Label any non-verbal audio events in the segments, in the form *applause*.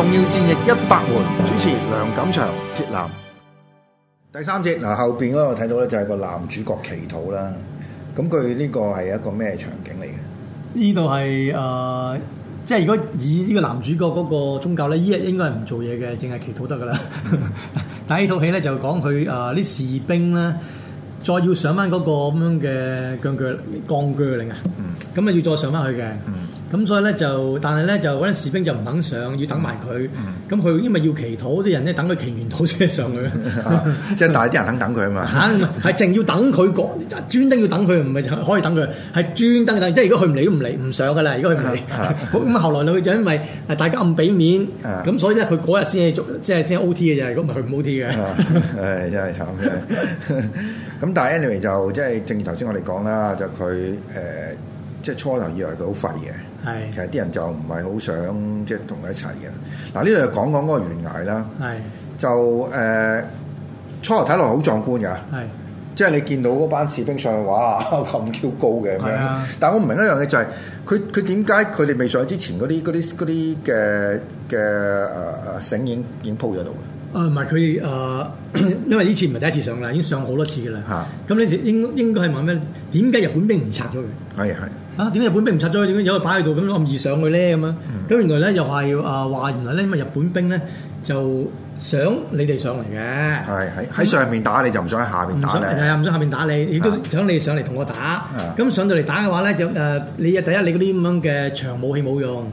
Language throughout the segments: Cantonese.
重要戰役一百回，主持梁錦祥、鐵男。第三節。嗱，後邊嗰個睇到咧就係個男主角祈禱啦。咁佢呢個係一個咩場景嚟嘅？呢度係誒，即係如果以呢個男主角嗰個宗教咧，依日應該係唔做嘢嘅，淨係祈禱得噶啦。 *laughs* 但係呢套戲咧就講佢誒啲士兵咧再要上翻嗰個咁樣嘅鋼鋸鋼鋸嶺啊，咁啊、嗯、要再上翻去嘅。嗯咁所以咧就，但係咧就嗰陣士兵就唔肯上，要等埋佢。咁佢因為要祈禱，啲人咧等佢祈完禱先上去。即係大啲人肯等佢啊嘛。嚇唔係，淨要等佢講，專登要等佢，唔係可以等佢。係專登等，即係如果佢唔嚟都唔嚟，唔上噶啦。如果佢唔嚟，咁啊後來就因為大家唔俾面，咁所以咧佢嗰日先係即係先 O T 嘅啫。如果唔係佢唔 O T 嘅。係真係慘咁，但係 Anyway 就即係正如頭先我哋講啦，就佢誒即係初頭以為佢好廢嘅。係，其實啲人就唔係好想即係同佢一齊嘅。嗱、呃，呢度就講講嗰個懸崖啦。係，就誒初頭睇落好壯觀㗎。係，即係你見到嗰班士兵上去，哇咁高高嘅。係啊，但我唔明一樣嘢就係，佢佢點解佢哋未上之前嗰啲啲啲嘅嘅誒誒繩已經鋪咗度啊，唔係佢誒，因為呢次唔係第一次上啦，已經上好多次㗎啦。嚇，咁呢時應應該係問咩？點解日本兵唔拆咗佢？係係。啊！點解日本兵唔拆咗佢？點解有個擺喺度咁樣咁易上去咧？咁樣咁，原來咧，又係啊，話原來咧，因為日本兵咧就。想你哋上嚟嘅，喺喺喺上面打你就唔想喺下邊打你，係啊，唔想下邊打你，亦都想你上嚟同我打。咁上到嚟打嘅話咧就誒，你啊第一你嗰啲咁樣嘅長武器冇用，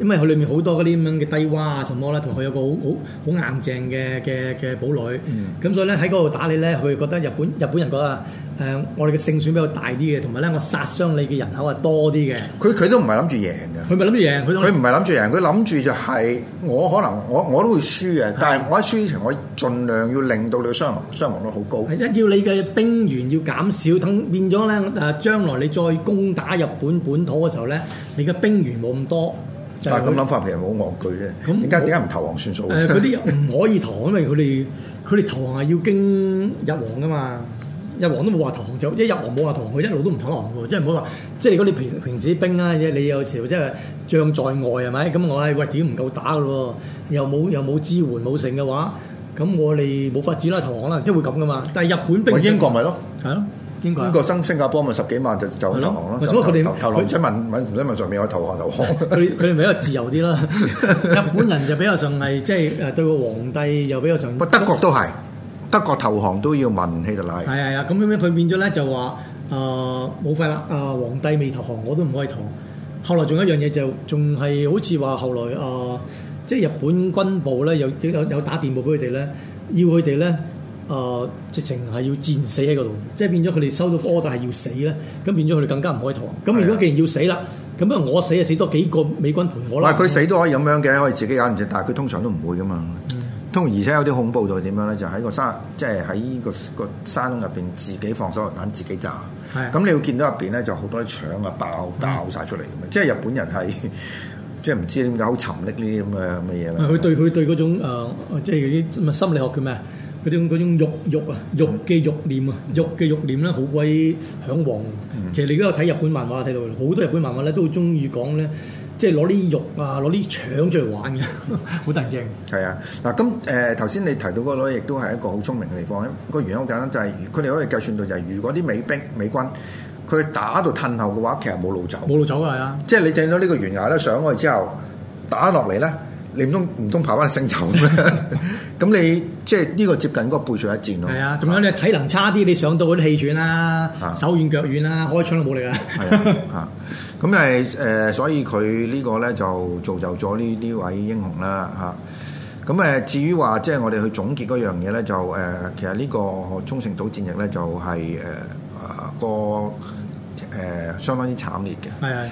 因為佢裏面好多嗰啲咁樣嘅低窪啊什麼啦，同佢有個好好好硬淨嘅嘅嘅堡壘。咁所以咧喺嗰度打你咧，佢覺得日本日本人覺得誒，我哋嘅勝算比較大啲嘅，同埋咧我殺傷你嘅人口係多啲嘅。佢佢都唔係諗住贏㗎，佢咪諗住贏，佢唔係諗住贏，佢諗住就係我可能我我都會輸嘅，但係。我喺輸場，我盡量要令到你嘅傷亡傷亡率好高。係啊，要你嘅兵員要減少，等變咗咧誒，將來你再攻打日本本土嘅時候咧，你嘅兵員冇咁多。但係咁諗法其實冇惡舉啫。點解點解唔投降算數？誒、呃，嗰啲唔可以投降， *laughs* 因為佢哋佢哋投降係要經日王噶嘛。日王都冇話投降，就一日王冇話投降，佢一路都唔投降喎，即係唔好話，即係如果你平平時兵啊，即你有時即係將在外係咪？咁我係喂點唔夠打嘅咯？又冇又冇支援冇剩嘅話，咁我哋冇法子啦，投降啦，即係會咁嘅嘛。但係日本兵，英國咪咯，係咯，英國新加坡咪十幾萬就就投降咯。唔使問唔使問上面，我投降投降。佢哋咪比較自由啲啦，日本人就比較上係即係誒對個皇帝又比較上。不過德國都係。德國投降都要問希特拉係，係啊，咁樣樣佢變咗咧就話誒冇法啦，誒、呃呃、皇帝未投降我都唔可以投。後來仲有一樣嘢就仲係好似話後來誒、呃，即係日本軍部咧有有有打電報俾佢哋咧，要佢哋咧誒直情係要戰死喺嗰度，即係變咗佢哋收到 order 係要死咧，咁變咗佢哋更加唔可以投。咁如果既然要死啦，咁不如我死就死多幾個美軍陪我啦。但係佢死都可以咁樣嘅，可以自己揀唔住，但係佢通常都唔會噶嘛。通，而且有啲恐怖就係點樣咧？就喺、是、個山，即係喺個個山窿入邊，自己放手榴彈，自己炸。咁是的 你會見到入邊咧，就好多啲腸啊，爆爆曬出嚟咁啊！嗯、即係日本人係，即係唔知點解好沉溺呢啲咁嘅乜嘢啦。佢對佢對嗰種、呃、即係啲心理學叫咩啊？嗰種嗰種慾慾啊慾嘅慾念啊慾嘅慾念啦，好鬼嚮往。其實你都有睇日本漫畫睇到，好多日本漫畫咧都好中意講咧。即係攞啲肉啊，攞啲腸出嚟玩嘅，好 *laughs* 突然驚。係啊，嗱咁誒頭先你提到嗰度，亦都係一個好聰明嘅地方。個原因好簡單，就是，就係佢哋可以計算到，就是，就係如果啲美兵美軍佢打到褪後嘅話，其實冇路走。冇路走係啊，即，即係你掟到呢個懸崖咧上去之後，打落嚟咧。你唔通唔通爬翻星就咩？咁 *laughs* 你即係呢個接近嗰個背水一戰咯。係啊，咁樣你體能差啲，啊、你上到嗰啲氣喘啦、啊，啊、手軟腳軟啦，開槍都冇力啊。係 *laughs* 啊，咁誒誒，所以佢呢個咧就造就咗呢呢位英雄啦。嚇、啊，咁誒至於話即係我哋去總結嗰樣嘢咧，就誒、呃、其實呢個沖繩島戰役咧就係、是、誒、呃、個誒、呃、相當之慘烈嘅。係啊。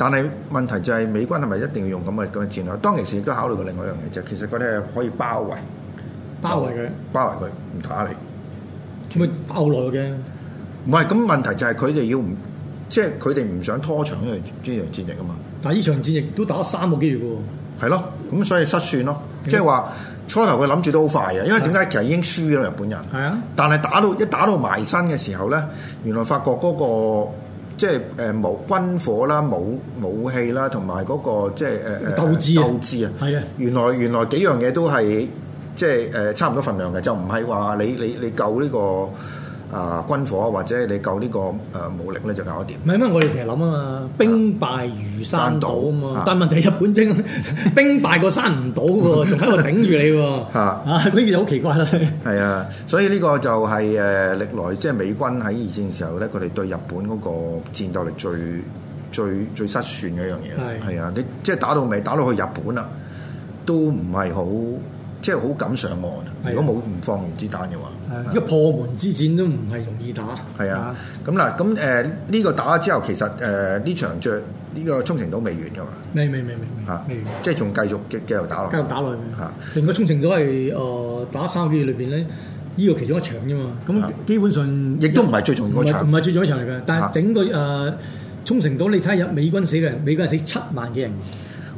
但係問題就係美軍係咪一定要用咁嘅咁嘅戰略？當其時亦都考慮過另外一樣嘢就係。其實佢哋可以包圍，包圍佢，包圍佢，唔打你。做咩麼包好嘅？唔係咁問題就係佢哋要唔即係佢哋唔想拖長呢場呢場戰役啊嘛。但係呢場戰役都打咗三個幾月嘅喎。係咯，咁所以失算咯。即係話初頭佢諗住都好快呀，因為點解其實已經輸咗日本人。係啊。但係打到一打到埋身嘅時候咧，原來發覺嗰個。即係誒冇軍火啦、武武器啦，同埋嗰個即係誒、呃、鬥志啊！鬥志啊！係啊！原來原來幾樣嘢都係即係誒、呃、差唔多份量嘅，就唔係話你你你夠呢個。啊，軍火或者你夠呢、呢個誒、呃、武力咧，就搞得掂。唔係咩，我哋成日諗啊嘛，啊兵敗如山倒啊嘛。啊但問題日本兵 *laughs* 兵敗個山唔倒喎，仲喺度頂住你喎。嚇啊，呢樣好奇怪咯，啊。係啊，所以呢個就係誒歷來即係、即係、美軍喺二戰時候咧，佢哋對日本嗰個戰鬥力最最最失算嘅一樣嘢。係是啊，你即係打到尾，打到去日本啊，都唔係好。即係好敢上岸，如果冇唔放原子彈嘅話，呢個破門之戰都唔係容易打。係啊，咁嗱，咁誒呢個打之後，其實誒呢場仗呢個沖繩島未完噶嘛，未未未未嚇，即係仲繼續嘅繼續打落。繼續打落去嚇，整個沖繩島係誒打三個月裏邊咧，呢個其中一場啫嘛。咁基本上亦都唔係最重要一場，唔係最重一場嚟嘅。但係整個誒沖繩島，你睇下，美軍死嘅人，美軍係死七萬幾人。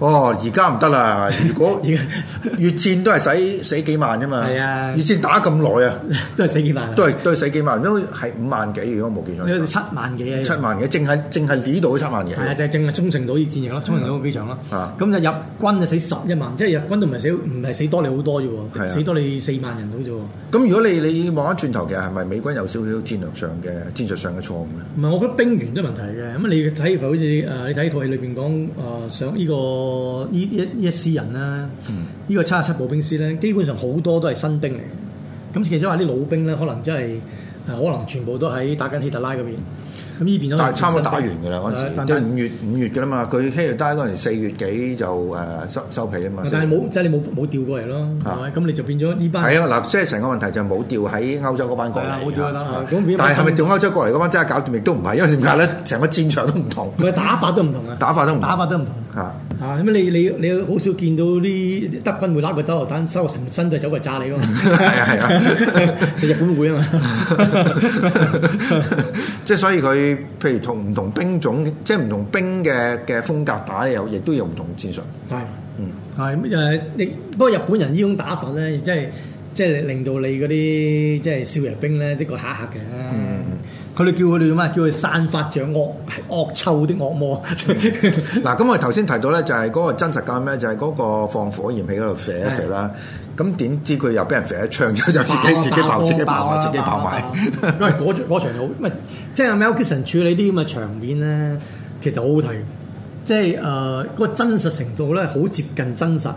哦，而家唔得啦！如果越戰都係使、啊啊、死幾萬啫嘛。係啊，越戰打咁耐啊，都係死幾萬，都係都係死幾萬，都係五萬幾。如果冇記錯，你七萬幾啊？七萬幾，淨係淨係呢度七萬幾。係啊，就係淨係沖繩島啲戰役咯，沖繩島個機場咯。啊，咁就日軍就死十一萬，即係日軍都唔係死，唔係死多你好多啫喎，死多你四萬人到啫喎。咁、啊、如果你你望翻轉頭，其實係咪美軍有少少戰略上嘅戰術上嘅錯誤咧？唔係，我覺得兵員都問題嘅。咁你睇，好似誒，你睇套戲裏邊講誒，上、呃、呢、這個。個呢一一師人啦，呢個七十七步兵師咧，基本上好多都係新兵嚟嘅。咁其實話啲老兵咧，可能真係誒，可能全部都喺打緊希特拉嗰邊。咁呢邊都係差唔多打完嘅啦，嗰陣時即係五月五月嘅啦嘛。佢希臘嗰陣時四月幾就誒收收皮啊嘛。但係冇即係你冇冇調過嚟咯，係咪？咁你就變咗呢班。係啊，嗱，即係成個問題就冇調喺歐洲嗰班過嚟。冇調啊！咁但係係咪調歐洲過嚟嗰班真係搞掂？亦都唔係，因為點解咧？成個戰場都唔同，咪打法都唔同啊！打法都唔打法都唔同嚇嚇咁啊！你你你好少見到啲德軍會拉個德國蛋收個成身都係走嚟炸你㗎嘛？係啊係啊，日本會啊嘛，即係所以佢。譬如同唔同兵種，即係唔同兵嘅嘅風格打，有亦都有唔同戰術。係是，嗯，係誒，不過日本人呢種打法咧，亦真係即係令到你嗰啲即係少爺兵咧，即個嚇嚇嘅。嗯嗯佢哋叫佢哋點啊？叫佢散發著惡惡臭的惡魔。嗱，咁我頭先提到咧，就係嗰個真實感咧，就係嗰個放火燃氣嗰度瀉一瀉啦。咁點知佢又俾人瀉一槍，之後就自己自己爆，自己爆埋，自己爆埋。嗰嗰場好，即係阿 Mel Gibson 處理啲咁嘅場面咧，其實好好睇。即係誒嗰個真實程度咧，好接近真實。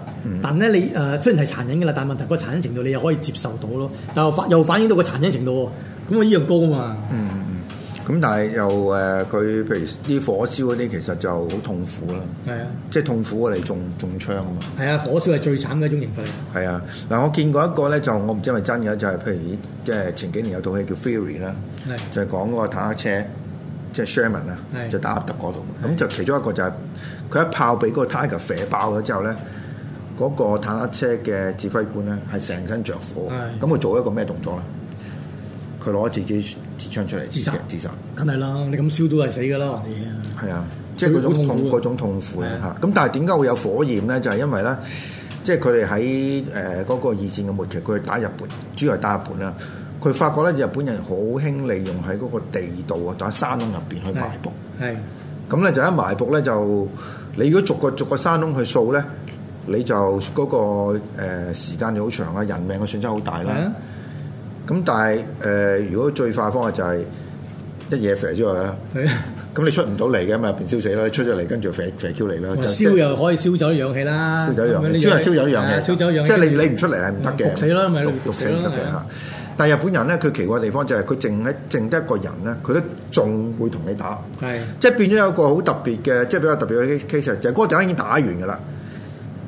但咧你誒雖然係殘忍嘅啦，但問題個殘忍程度你又可以接受到咯。但反又反映到個殘忍程度喎。咁我依樣高啊嘛。咁但係又誒，佢、呃、譬如啲火燒嗰啲，其實就好痛苦啦。係啊，即係痛苦我哋中中槍啊嘛。係啊，火燒係最慘嘅一種形態。係啊，嗱，我見過一個咧，就我唔知係咪真嘅，就係譬如即係前幾年有套戲叫《Fury》啦，是就係講個坦克車，即係 Sherman 啦是，就打德國度。咁是就其中一個就係、是、佢一炮俾嗰個 Tiger 射爆咗之後咧，嗰、那個坦克車嘅指揮官咧係成身着火，咁佢是是做一個咩動作咧？佢攞自己。自槍出嚟，自殺，自殺，梗係啦！你咁燒都係死㗎啦，你、啊！係啊，即係嗰種痛，嗰種痛苦咧。咁但係點解會有火焰咧？就係、是、因為咧，即係佢哋喺誒嗰個二戰嘅末期，佢打日本，主要係打日本啦。佢發覺咧，日本人好興利用喺嗰個地道啊，打山窿入邊去埋伏。係咁咧，就一埋伏咧，就你如果逐個逐個山窿去掃咧，你就嗰個誒時間又好長啊，人命嘅損失好大啦。咁但係誒，如果最快方法就係一嘢飛咗去啦，咁你出唔到嚟嘅嘛，入便燒死啦！出咗嚟，跟住飛飛 Q 嚟啦，燒又可以燒走氧氣啦，燒走氧氣，主燒走氧氣。燒走氧氣，即係你你唔出嚟係唔得嘅。死啦，咪焗死唔得嘅嚇！但係日本人咧，佢奇怪嘅地方就係佢淨喺淨得一個人咧，佢都仲會同你打，係即係變咗有個好特別嘅，即係比較特別嘅 case，就係嗰陣已經打完嘅啦，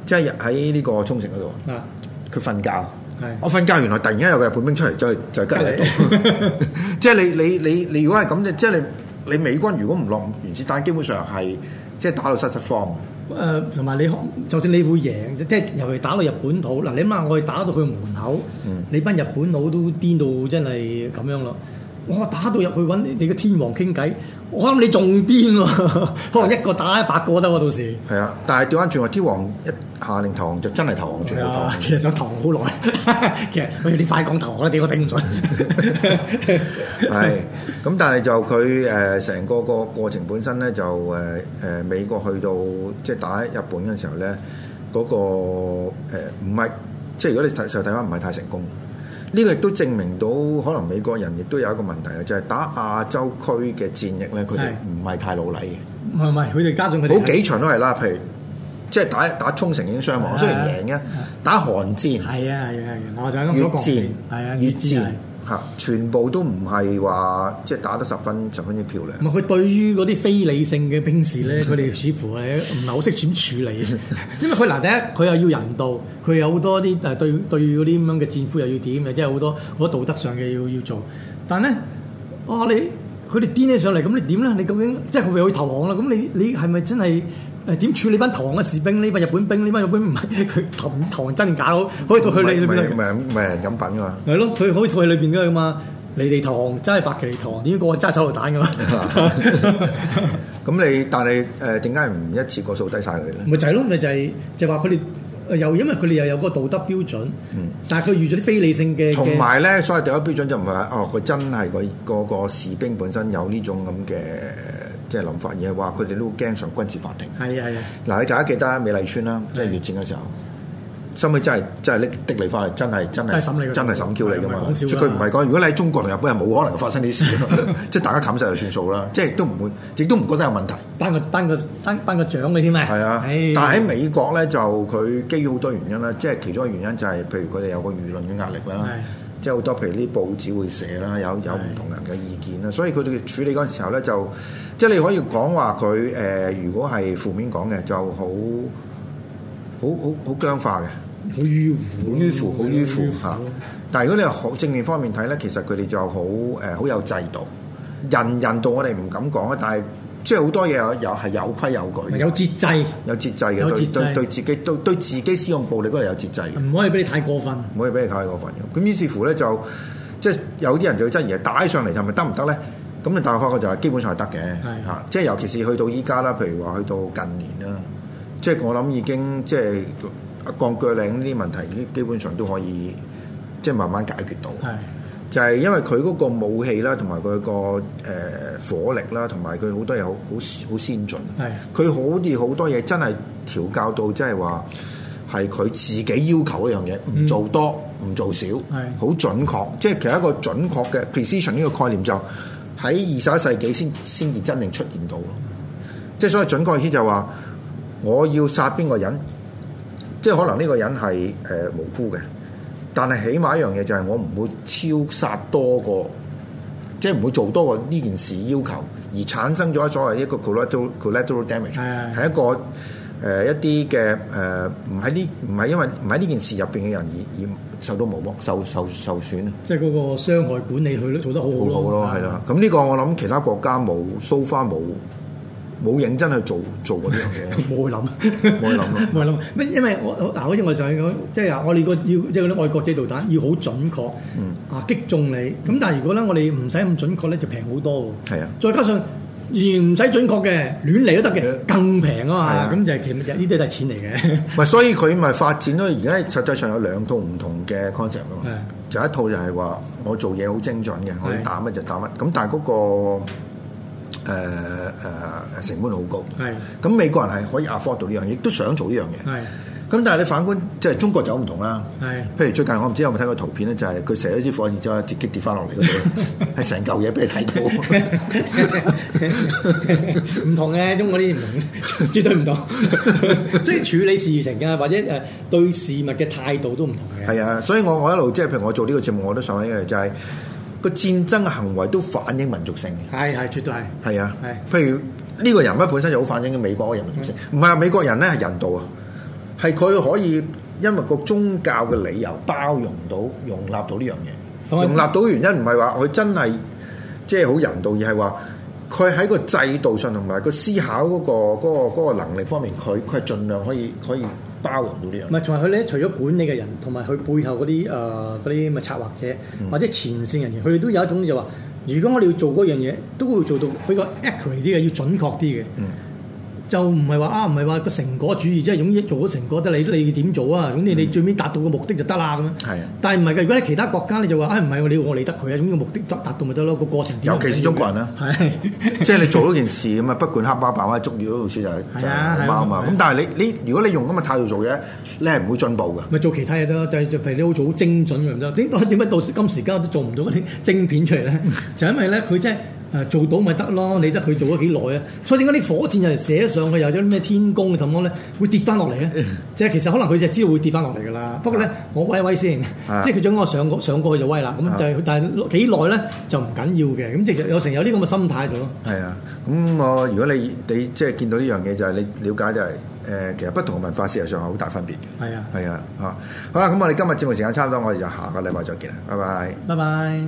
即係喺呢個沖繩嗰度，佢瞓覺。我瞓覺，原來突然間有個日本兵出嚟，就就吉尼多。即係你你你你，如果係咁嘅，即係你你美軍如果唔落原子彈，基本上係即係打到失失慌。嘅、呃。同埋你，就算你會贏，即係尤其打到日本土嗱，你啱啱我哋打到佢門口，嗯、你班日本佬都癲到真係咁樣咯。我打到入去揾你個天王傾偈，我諗你仲癲喎， *laughs* 可能一個打一百個得喎、啊、到時。係啊，但係調翻轉話天王一下令投降就真係投降住，其實想投好耐， *laughs* 其實我、哎、你快講投降啦，點我頂唔順。係，咁但係就佢誒成個個過程本身咧就誒誒美國去到即係、就是、打日本嘅時候咧，嗰、那個唔係、呃、即係如果你睇就睇翻唔係太成功。呢個亦都證明到，可能美國人亦都有一個問題啊，就係打亞洲區嘅戰役咧，佢哋唔係太努力嘅。唔係唔係，佢哋加上佢哋好幾場都係啦，譬如即係打打沖繩已經傷亡，是是是是雖然贏嘅，打韓戰係啊係啊係啊，我就咁越戰係啊，越戰。全部都唔係話即係打得十分十分之漂亮。唔係佢對於嗰啲非理性嘅兵士咧，佢哋 *laughs* 似乎係唔係好識點處理。 *laughs* 因為佢嗱第一佢又要人道，佢有好多啲誒、啊、對對嗰啲咁樣嘅戰俘又要點？又即係好多好多道德上嘅要要做。但係咧，哦、啊，你佢哋癲起上嚟咁你點咧？你究竟即係佢會投降啦？咁你你係咪真係？誒，點處理班唐嘅士兵？呢班日本兵，呢班日本兵唔係，佢投降真假，可可以做佢裏邊。唔係唔係唔係飲品㗎嘛？係咯，佢可以做佢裏邊㗎嘛？你哋投降真係白旗投降，點解我揸手榴彈㗎？咁你但係誒，點解唔一次過掃低晒佢哋咧？咪就係咯，咪就係、係、就話佢哋又因為佢哋又有個道德標準，但係佢遇咗啲非理性嘅。同埋咧，所以道德標準就唔係哦，佢真係佢、哦、嗰個、嗰個士兵本身有呢種咁嘅。即係諗法嘢，話佢哋都驚上軍事法庭。係啊係啊，嗱你大家記得呀美麗村啦，即係越戰嘅時候，收尾真係真係拎滴離翻嚟，真係真係審理，真係審你噶嘛？講笑，佢唔係講，如果你喺中國同日本係冇可能發生啲事，即係大家冚晒就算數啦。即係都唔會，亦都唔覺得有問題。頒個頒個頒個獎你添咩？係啊，但係喺美國咧就佢基於好多原因啦，即係其中一個原因就係，譬如佢哋有個輿論嘅壓力啦。即係好多譬如啲報紙會寫啦，有有唔同人嘅意見啦，所以佢哋處理嗰陣時候咧，就即係你可以講話佢誒，如果係負面講嘅就好好好好僵化嘅，好迂腐，迂腐，好迂腐嚇。但係如果你係好正面方面睇咧，其實佢哋就好誒，好、呃、有制度，人人道我哋唔敢講啊，但係。即係好多嘢有有係有規有矩，有節制，有節制嘅，對對，對自己對對自己使用暴力都係有節制嘅，唔可以俾你太過分，唔可以俾你太過分嘅。咁於是乎咧就即係有啲人就真質疑，打上嚟係咪得唔得咧？咁你大法官就話基本上係得嘅，嚇是。即係尤其是去到依家啦，譬如話去到近年啦，即係我諗已經即係鋼鋸嶺呢啲問題，基本上都可以即係慢慢解決到。就係因為佢嗰個武器啦，同埋佢個誒火力啦，同埋佢好多嘢好好好先進。係佢是的 好啲好多嘢真係調教到，即係話係佢自己要求一樣嘢，唔做多，唔、嗯、做少，係好是的 準確。即係是的 其實一個準確嘅 precision 呢個概念，就喺二十一世紀先先至真正出現到。即、就、係、是、所謂準確意思，就話，我要殺邊、就是、個人，即係可能呢個人係誒無辜嘅。但係起碼一樣嘢就係我唔會超殺多個，即係唔會做多個呢件事要求，而產生咗所謂一個 collateral, collateral damage，係是的 一個誒、呃、一啲嘅誒唔喺呢唔係因為唔喺呢件事入邊嘅人而而受到冇冇受受受損，即係嗰個傷害管理佢做得好好咯，係啦。咁呢是的 的個我諗其他國家冇，so far 冇。冇認真去做做過呢樣嘢，冇 *laughs* 去諗想，冇 *laughs* 去諗，冇去諗。咩？因為我嗱，好似我哋上次講，即、就、係、是、我哋個要即係嗰啲外國製導彈要好準確，啊擊中你。咁但係如果咧，我哋唔使咁準確咧，就平好多喎。啊，再加上而唔使準確嘅亂嚟都得嘅，更平咯嚇。咁、啊、就係、其實呢啲都係錢嚟嘅。唔、啊、 *laughs* 所以佢咪發展到而家實際上有兩套唔同嘅 concept 咯。係、啊，就 *laughs* 一套就係話我做嘢好精準嘅，我要打乜就打乜。咁但係嗰、那個。誒誒、呃，成本好高。係是的、嗯，咁美國人係可以 afford 到呢樣嘢，亦都想做呢樣嘢。係，咁但係你反觀，即係中國就唔同啦。係，是的 譬如最近我唔知有冇睇過圖片咧，就係佢射咗支火箭之後係直接跌翻落嚟，度，係成嚿嘢俾你睇到。唔同嘅，中國啲唔同，絕對唔同，即 *laughs* 係 *laughs* *laughs* 處理事情啊，或者誒對事物嘅態度都唔同嘅。係啊，所以我我一路即係譬如我做呢個節目，我都想因為就係、是。個戰爭嘅行為都反映民族性嘅，係係絕對係，係啊，係。譬如呢個人物本身就好反映緊美國嘅民族性，唔係啊，美國人咧係人道啊，係佢可以因為個宗教嘅理由包容到、容納到呢樣嘢，嗯、容納到原因唔係話佢真係即係好人道，而係話佢喺個制度上同埋個思考嗰個嗰個嗰個能力方面，佢佢係盡量可以可以。唔係，同埋佢咧，除咗管理嘅人，同埋佢背後嗰啲誒嗰啲咪策劃者或者前線人員，佢哋都有一種就話，如果我哋要做嗰樣嘢，都會做到比較 accurate 啲嘅，要準確啲嘅。嗯就唔係話啊，唔係話個成果主義，即係總之做咗成果得，你你點做啊？總之你最尾達到個目的就得啦咁樣。係啊、嗯，但係唔係嘅？如果喺其他國家你就話啊，唔、哎、係你我理得佢啊？總之目的達達到咪得咯，個過程尤其是中國人啊，係 *laughs* 是即係你做咗件事咁啊，不管黑貓白貓捉魚嗰度算就係、是、係啊係啊嘛。咁、啊啊啊、但係你你，你如果你用咁嘅態度做嘢，你係唔會進步嘅。咪做其他嘢得咯，就就譬如你好做好精準咁樣，點解點解到今時今日都做唔到啲晶片出嚟咧？ *laughs* 就因為咧佢即係。誒做到咪得咯？你得佢做咗幾耐啊？所以點解啲火箭又寫上去，又有啲咩天宮嘅咁樣咧，會跌翻落嚟咧？即係其實可能佢就係知道會跌翻落嚟㗎啦。不過咧，啊、我威威先歸一歸，即係佢想我上過、啊、上過去就威啦。咁就但係幾耐咧就唔緊要嘅。咁即係有成有啲咁嘅心態度咯。係啊，咁是、啊、我如果你你即係見到呢樣嘢，就係你了解就係、是、誒、呃，其實不同文化事實上係好大分別嘅。係啊，係啊，嚇、啊！好啦，咁我哋今日節目時間差唔多，我哋就下個禮拜再見啦，拜拜，拜拜。